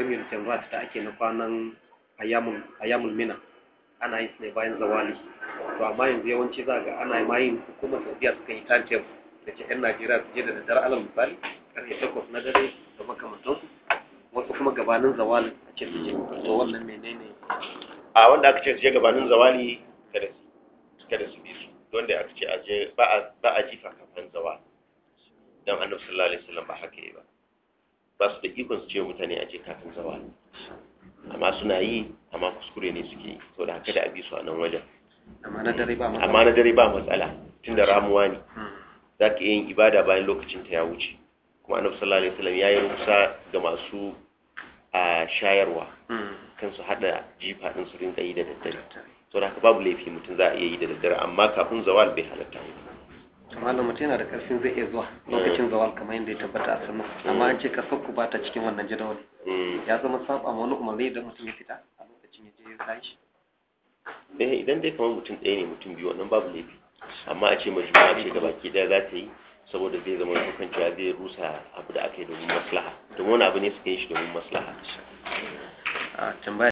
premier jamrat da ake na kwanan ayamul mina ana yin ne bayan zawali to amma yanzu yawanci za ga ana ma yin hukumar saudiya suka yi tantin da ke 'yan najeriya su je da daddare alal misali karfe takwas na dare da makamantansu wasu kuma gabanin zawali a ce su je to wannan menene a wanda aka ce su je gabanin zawali kada su kada su bi su don da aka ce ba a jifa kafin zawali don annabi sallallahu alaihi wasallam ba haka yi ba ba su da ikon su ce mutane a je kafin zawa amma suna yi amma kuskure ne suke yi to da haka da abi su a nan wajen amma na dare ba matsala tun da ramuwa ne hmm. za ka yi ibada bayan lokacin ta ya wuce kuma annabi sallallahu alaihi wasallam ya yi rusa ga masu a shayarwa hmm. kan su hada jifa din su rinka yi da daddare to da haka babu laifi mutum za a iya yi da daddare amma kafin zawal bai halatta ne malam mutum yana da karfin zai iya zuwa lokacin eh. zawal kamar yadda ya tabbata a sannan amma an ce kasar eh. ku ba ta cikin wannan jadawali eh. ya zama saba ma wani umarni da mutum ya fita a lokacin ya je ya zai shi eh idan dai kamar mutum ɗaya ne mutum biyu wannan babu laifi amma a ce a ce gabaki ɗaya daya za ta yi saboda zai zama kan cewa zai rusa abu da aka yi domin maslaha domin wani abu ne suka yi shi domin maslaha